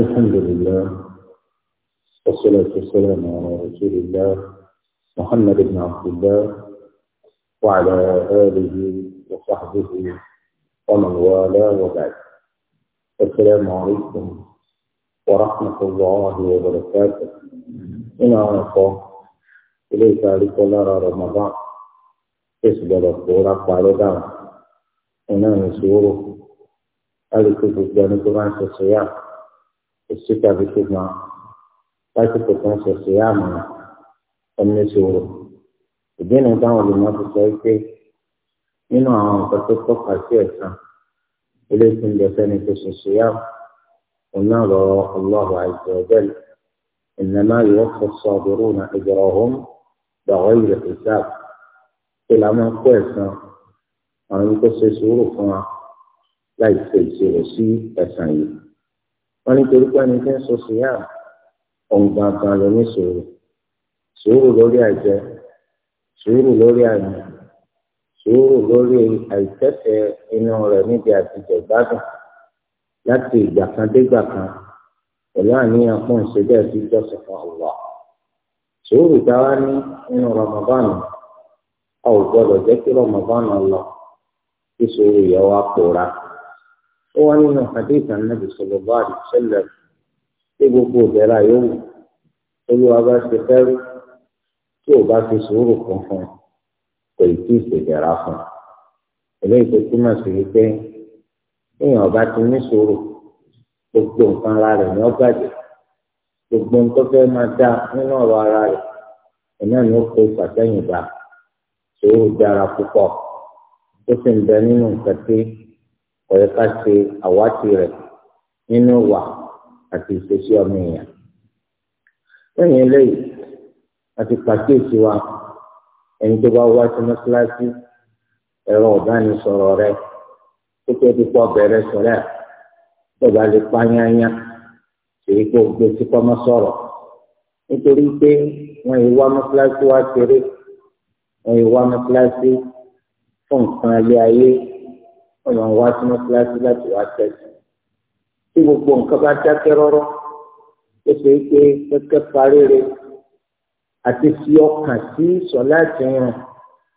الحمد لله والصلاة والسلام على رسول الله محمد بن عبد الله وعلى آله وصحبه ومن والاه وبعد السلام عليكم ورحمة الله وبركاته إن عرفه إليك الله رمضان تسجد الصورة على دعوة إنه سوره ألك في الجانب عن الصيام الشتاء بشتنا lásìkò tó ń sọ sí àmì ẹni sòrò ìdí ni táwọn olùmọ̀ ti sọ pé nínú àwọn nǹkan tó tọ́ka sí ẹ̀sán eléyìí ń dẹ̀fẹ́ ni tó sọ sí àmì òun náà lọ ọlọ́run àìsàn ọ̀bẹ́l ìnáná yóò fọ sọ́ọ̀dúró na ìjọra ọ̀hún dọ̀wọ́ ìrẹ̀ ìsáàb kí la máa kó ẹ̀sán àwọn tó ṣe sùúrù fún wa láì ṣe ìṣirò sí ẹ̀sán yìí. wọn nítorí pé ẹni tí ń sọ síyá ọ̀gbà àbàlẹ̀ ní sòrò sòrò lórí àìjẹ sòrò lórí àmì sòrò lórí àìtẹ́tẹ́ inú rẹ̀ níbi àtijọ́ gbádùn láti ìgbà kan dégbà kan pẹ̀lú àníyàn fún ìṣẹ́jẹ́ ìdíjọ́sìn fún ọ̀wà sòrò táwa ní nínú rọmọbánu a ò gbọdọ̀ jẹ́ kí rọmọbánu lọ kí sòrò yẹ wá pòórá ó wá nínú hadith anabi sallallahu alaihi wasallam tí gbogbo ìbẹ̀rẹ̀ àyẹ̀wò olúwa bá ṣe fẹ́rú tí ò bá fi sùúrù kan fún kò ì tí ì ṣèjẹra fún eléyìí tó túmọ̀ sí wípé èèyàn ọba ti ní sùúrù gbogbo nǹkan ara rẹ̀ ní ọgbàjẹ́ gbogbo nǹkan tó fẹ́ máa dá nínú ọ̀rọ̀ ara rẹ̀ ẹ̀nà ni ó kó ìfàsẹ́yìn bá sùúrù dára púpọ̀ ó sì ń bẹ nínú nǹkan tí ọ̀yẹ́ ká ṣe àwátì rẹ̀ nínú ìwà àti ìṣesí ọmọ èèyàn. lẹ́yìn eléyìí àti pàkíyèsí wa ẹni tó bá wá sí mọ́ṣáláṣí ẹ̀rọ ọ̀bánisọ̀rọ̀ rẹ̀ tó tó ti pọ̀ bẹ̀rẹ̀ sọ̀rẹ́ tó bá lè pa yányá èyí kò gbé sí kọ́mọ́ sọ̀rọ̀ nítorí pé wọ́n yìí wá mọ́ṣáláṣí wá kéré wọ́n yìí wá mọ́ṣáláṣí fún nǹkan ilé ayé wọ́n máa wá sí mọ́síláṣí láti wá tẹ̀sí. tí gbogbo nǹkan bá dákẹ́ rọ́rọ́ ó ṣe é pé kẹ́kẹ́ parére àti fi ọkàn sí sọ̀lá àti rìn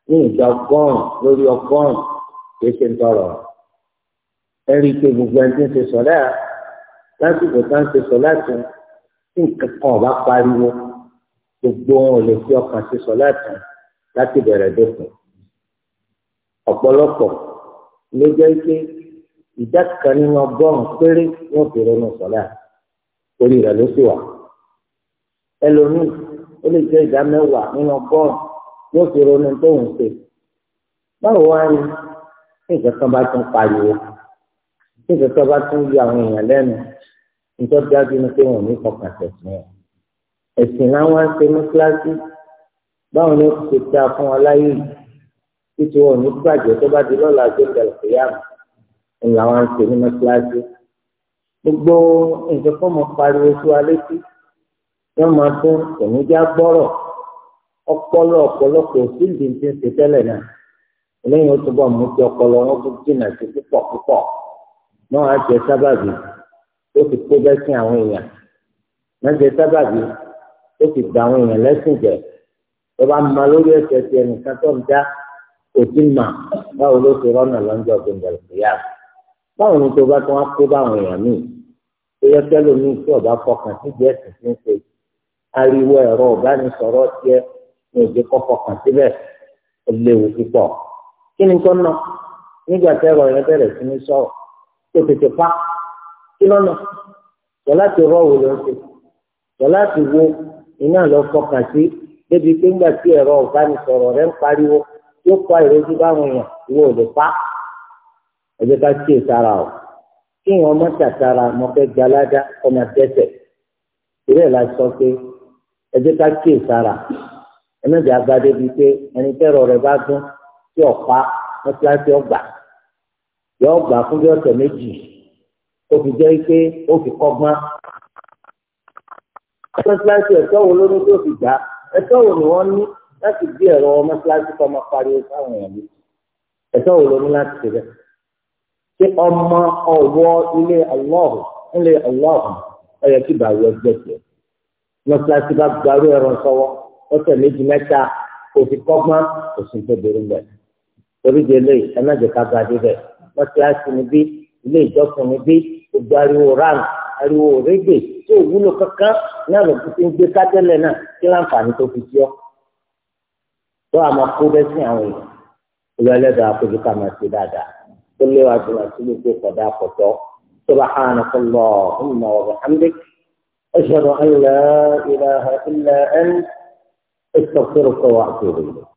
ní ìgbà ọgọ́rùn-ún lórí ọgọ́rùn-ún kì í ṣe ń tọrọ. ẹ rí i pé gbogbo ẹni tí ń ṣe sọ̀lá lásìkò tá ń ṣe sọ̀lá tí nǹkan kan ọ̀bá pariwo gbogbo wọn lè fi ọkàn ṣe sọ̀lá láti bẹ̀rẹ̀ dópin. ọ̀pọ̀lọpọ̀ ló jẹ́ pé ìdá kan nínú ọgọ́rùn-ún péré wọn fi ronú sọ̀lá orí rẹ̀ ló sì wà ẹlòmíì ó lè jẹ́ ìdá mẹ́wàá nínú ọgọ́rùn-ún yóò fi ronú tó ń ṣe báwo wá ní nǹkan kan bá tún pariwo nǹkan kan bá tún yọ àwọn èèyàn lẹ́nu nítorí dájú ni pé wọn ní kọkàn tẹ̀sán ẹ̀ ẹ̀sìn láwọn ṣe ní kíláàsì báwo ni ó ti ta fún ọ láyé yìí títí wọn ò ní gbàjẹ́ tó bá di lọ́la tó bẹ̀rẹ̀ fìyàmù ńlá wọn ń ṣe ní mọ́ṣáláṣí gbogbo nǹkan fọmọ pariwo sí wa létí wọn máa tún ònújà gbọ́rọ̀ ọpọlọ ọ̀pọ̀lọpọ̀ òsínlẹ̀ ti ń ṣe tẹ́lẹ̀ náà lẹ́yìn ó túbọ̀ mú kí ọpọlọ wọn kó jìnnà sí púpọ̀ púpọ̀ náà á jẹ sábàbí ó fi kó bẹ́sí àwọn èèyàn náà jẹ sábàbí ó fi gba àwọn èèyàn lẹ́sìn jẹ tó bá lórí ẹsẹ̀ ti ẹnìkan tó ń dá kò tí mà báwo ló ṣe rọ́nà lọ́jọ́ gbẹ̀ngàn ìyá báwo ni tó bá tún á kó báwọn èèyàn míì tó yẹ kẹ́lò ní tí ọ̀bá fọkàn síbi ẹ̀sìn tí ń ṣe ariwo ẹ̀rọ ọ̀bánisọ̀rọ̀ tiẹ̀ ní òjò kọ́ fọkàn síbẹ̀ ó léwu púpọ̀ kí ni tó ná nígbà tẹ́rọ yẹn bẹ̀rẹ̀ sí ní sọ̀rọ̀ tó tètè pa kí lọ́nà tọ́lá ti rọ́ òun ló ń ṣe wo iná lọ fọkàn sí débi pé ńgbà tí ẹ̀rọ ọ̀bánisọ̀rọ̀ rẹ̀ ń pariwo yóò pa ìrẹsì báwọn èèyàn ìwọ ò lè pa ẹ jẹ́ ká kíyè sára o kí wọn mọ tàtàrà mọ fẹ gbalada ọmọ dẹsẹ ìrẹ la sọ pé ẹ jẹ́ ká kíyè sára ẹnìjẹ agbadé bíi pé ẹni tẹrọ rẹ bá dún tí ọpa mọtíláṣí ọgbà yọ ọgbà fún bí ọ̀sẹ̀ méjì ó fi jẹ́ pé ó fi kọ́gbọ́n mọtíláṣí ẹ̀tọ́ wo ló tó fi gbà ẹ̀tọ́ wo ni wọ́n ní láti gbé ẹ̀rọ mọ́ṣáláṣí kọ́ máa pariwo sáwọn èèyàn létí ẹ̀tọ́ wo ló ní láti ṣe bẹ́ẹ̀ ṣé ọmọ ọ̀wọ́ ilé ọlọ́ọ̀hún ilé ọlọ́ọ̀hún ọyọ kí bá wọ ẹgbẹ́ tiẹ̀ mọ́ṣáláṣí bá gbarú ẹ̀rọ sọ́wọ́ ọ̀sẹ̀ méjì mẹ́ta òfin kọ́gbọ́n òsùn tó bẹ̀rù bẹ̀ torí de lè ẹnájẹ̀ká ga débẹ̀ mọ́ṣáláṣí ni bí ilé ìjọsìn ni bí gbogbo ariwo ran tó a máa kó bẹ́sí àwọn èèyàn olùwẹ́lẹ́dàá àkójú ká máa ṣe dáadáa tó léwà tó máa ṣe gbogbo kọ̀dá kọ̀tọ́ سبحانك اللهم وبحمدك أشهد أن لا إله إلا أنت استغفرك وأتوب إليك